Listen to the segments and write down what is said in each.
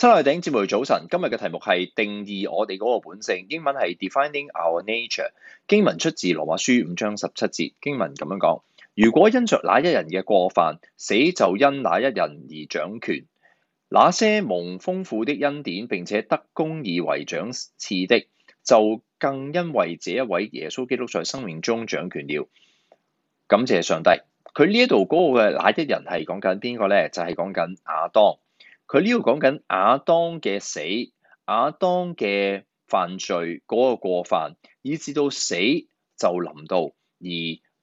七來頂節目，早晨。今日嘅題目係定義我哋嗰個本性。英文係 Defining Our Nature。經文出自羅馬書五章十七節。經文咁樣講：如果因着那一人嘅過犯，死就因那一人而掌權；那些蒙豐富的恩典，並且得公義為獎賜的，就更因為這一位耶穌基督在生命中掌權了。感謝上帝。佢呢一度嗰個嘅那一人係講緊邊個呢？就係講緊亞當。佢呢度講緊亞當嘅死，亞當嘅犯罪嗰、嗰個過犯，以至到死就臨到，而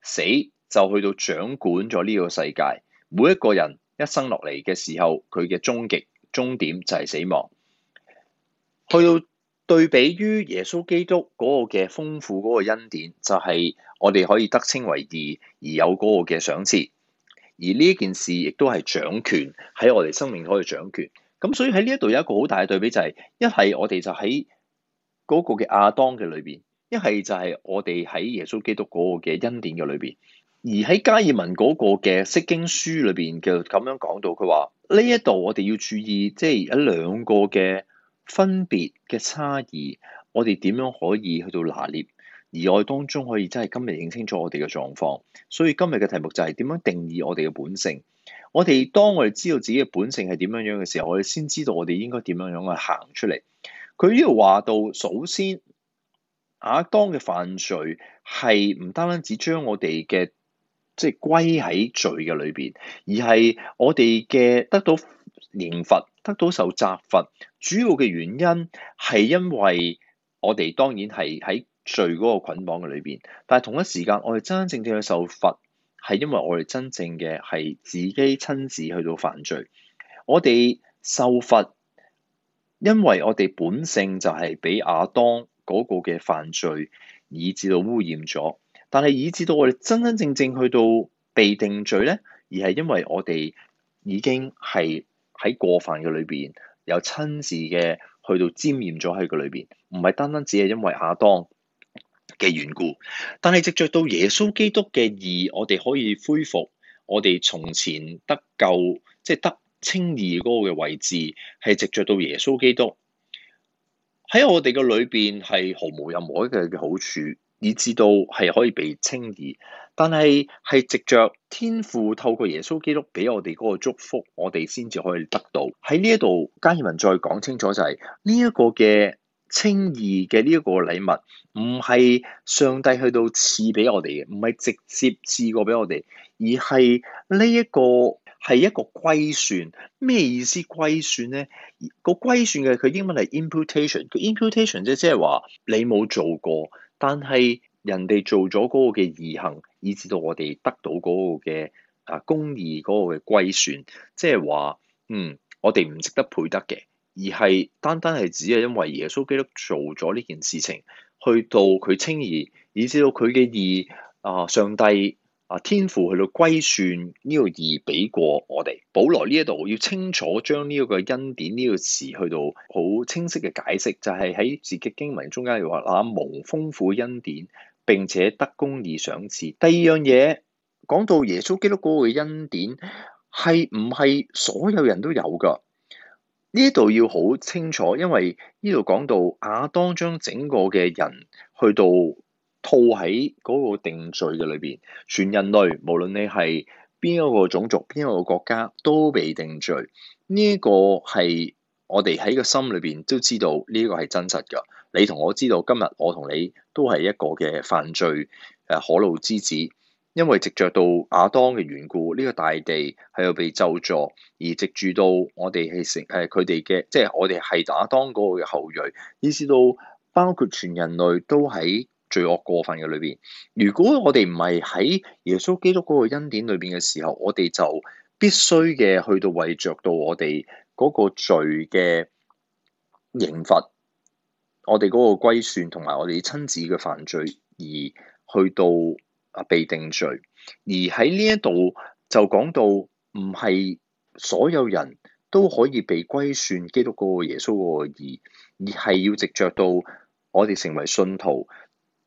死就去到掌管咗呢個世界。每一個人一生落嚟嘅時候，佢嘅終極終點就係死亡。去到對比於耶穌基督嗰個嘅豐富嗰個恩典，就係、係、我哋可以得稱為義而有嗰個嘅賞賜。而呢一件事亦都係掌權喺我哋生命可以掌權，咁所以喺呢一度有一個好大嘅對比就係一係我哋就喺嗰個嘅亞當嘅裏邊，一係就係我哋喺耶穌基督嗰個嘅恩典嘅裏邊。而喺加爾文嗰個嘅釋經書裏邊嘅咁樣講到，佢話呢一度我哋要注意，即係一兩個嘅分別嘅差異，我哋點樣可以去到拿捏？而我當中可以真係今日認清楚我哋嘅狀況，所以今日嘅題目就係點樣定義我哋嘅本性？我哋當我哋知道自己嘅本性係點樣樣嘅時候，我哋先知道我哋應該點樣樣去行出嚟。佢呢度話到，首先，亞當嘅犯罪係唔單單只將我哋嘅即係歸喺罪嘅裏邊，而係我哋嘅得到刑罰、得到受責罰，主要嘅原因係因為我哋當然係喺。罪嗰個捆綁嘅裏邊，但係同一時間，我哋真真正正去受罰，係因為我哋真正嘅係自己親自去到犯罪。我哋受罰，因為我哋本性就係俾亞當嗰個嘅犯罪，以至到污染咗。但係以至到我哋真真正正去到被定罪咧，而係因為我哋已經係喺過犯嘅裏邊，有親自嘅去到沾染咗喺個裏邊，唔係單單只係因為亞當。嘅緣故，但係藉著到耶穌基督嘅義，我哋可以恢復我哋從前得救，即係得稱義嗰個嘅位置，係藉著到耶穌基督喺我哋嘅裏邊係毫無任何一嘅嘅好處，以至到係可以被稱義。但係係藉著天父透過耶穌基督俾我哋嗰個祝福，我哋先至可以得到喺呢一度。加爾文再講清楚就係呢一個嘅。稱義嘅呢一個禮物，唔係上帝去到賜俾我哋嘅，唔係直接賜過俾我哋，而係呢一個係一個歸算，咩意思歸算咧？個歸算嘅佢英文係 imputation，個 imputation 即係即係話你冇做過，但係人哋做咗嗰個嘅義行，以致到我哋得到嗰個嘅啊公義嗰個嘅歸算，即係話嗯，我哋唔值得配得嘅。而係單單係只係因為耶穌基督做咗呢件事情，去到佢稱義，以至到佢嘅義啊上帝啊天父去到歸算呢、這個義畀過我哋。保羅呢一度要清楚將呢一個恩典呢個詞去到好清晰嘅解釋，就係、是、喺自己經文中間又話那蒙豐富恩典並且得公義賞賜。第二樣嘢講到耶穌基督嗰個恩典係唔係所有人都有㗎？呢度要好清楚，因為呢度講到亞當將整個嘅人去到套喺嗰個定罪嘅裏邊，全人類無論你係邊一個種族、邊一個國家，都被定罪。呢一個係我哋喺個心裏邊都知道呢個係真實㗎。你同我知道今日我同你都係一個嘅犯罪誒可怒之子。因為藉着到亞當嘅緣故，呢、這個大地係被咒詛，而藉住到我哋係成誒佢哋嘅，即係我哋係亞當嗰個嘅後裔，以至到包括全人類都喺罪惡過分嘅裏邊。如果我哋唔係喺耶穌基督嗰個恩典裏邊嘅時候，我哋就必須嘅去到為着到我哋嗰個罪嘅刑罰，我哋嗰個歸算同埋我哋親子嘅犯罪而去到被定罪，而喺呢一度就講到，唔係所有人都可以被歸算基督嗰個耶穌嗰個義，而係要藉著到我哋成為信徒，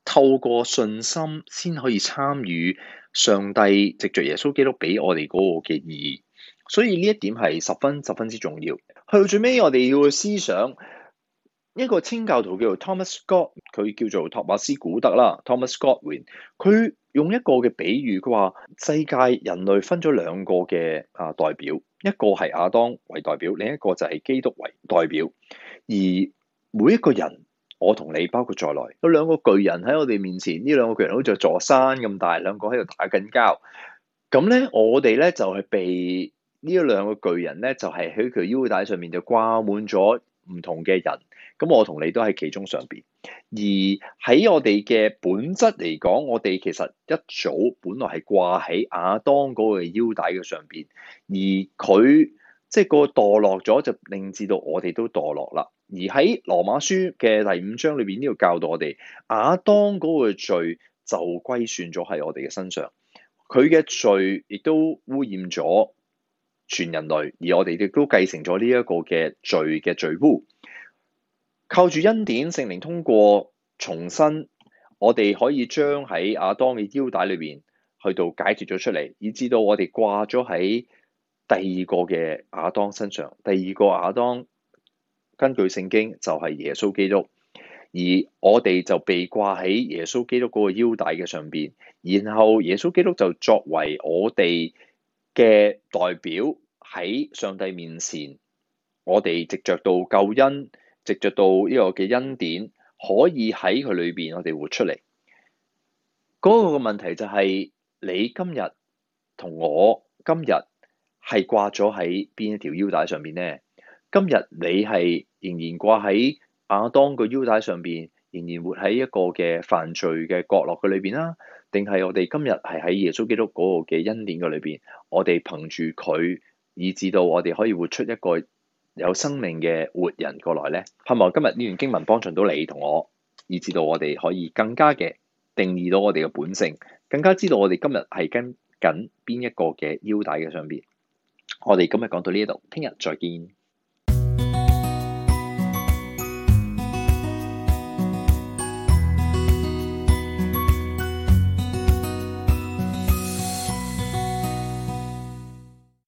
透過信心先可以參與上帝藉著耶穌基督俾我哋嗰個嘅意義。所以呢一點係十分十分之重要。去到最尾，我哋要思想。一個清教徒叫做 Thomas Goodwin，佢叫做托馬斯古德啦，Thomas Goodwin，佢用一個嘅比喻，佢話世界人類分咗兩個嘅、啊代表，一個係亞當為代表，另一個就係基督為代表。而每一個人，我同你包括在內，有兩個巨人喺我哋面前，呢兩個巨人好似座山咁大，兩個喺度打緊交。咁咧，我哋咧就係、是、被呢兩個巨人咧，就係喺佢腰帶上面就掛滿咗唔同嘅人。咁我同你都喺其中上邊，而喺我哋嘅本質嚟講，我哋其實一早本來係掛喺亞當嗰個腰帶嘅上邊，而佢即係個墮落咗，就令至到我哋都墮落啦。而喺羅馬書嘅第五章裏邊，呢度教導我哋，亞當嗰個罪就歸算咗喺我哋嘅身上，佢嘅罪亦都污染咗全人類，而我哋亦都繼承咗呢一個嘅罪嘅罪污。靠住恩典，聖靈通過重生，我哋可以將喺亞當嘅腰帶裏邊去到解脫咗出嚟，以至到我哋掛咗喺第二個嘅亞當身上。第二個亞當根據聖經就係耶穌基督，而我哋就被掛喺耶穌基督嗰個腰帶嘅上邊。然後耶穌基督就作為我哋嘅代表喺上帝面前，我哋藉著到救恩。藉著到呢個嘅恩典，可以喺佢裏邊，我哋活出嚟。嗰、那個嘅問題就係、是：你今日同我今日係掛咗喺邊一條腰帶上面呢？今日你係仍然掛喺亞當個腰帶上邊，仍然活喺一個嘅犯罪嘅角落嘅裏邊啦，定係我哋今日係喺耶穌基督嗰個嘅恩典嘅裏邊，我哋憑住佢，以至到我哋可以活出一個有生命嘅活人過來呢，盼望今日呢段經文幫助到你同我，以至到我哋可以更加嘅定義到我哋嘅本性，更加知道我哋今日係跟緊邊一個嘅腰帶嘅上面。我哋今日講到呢度，聽日再見。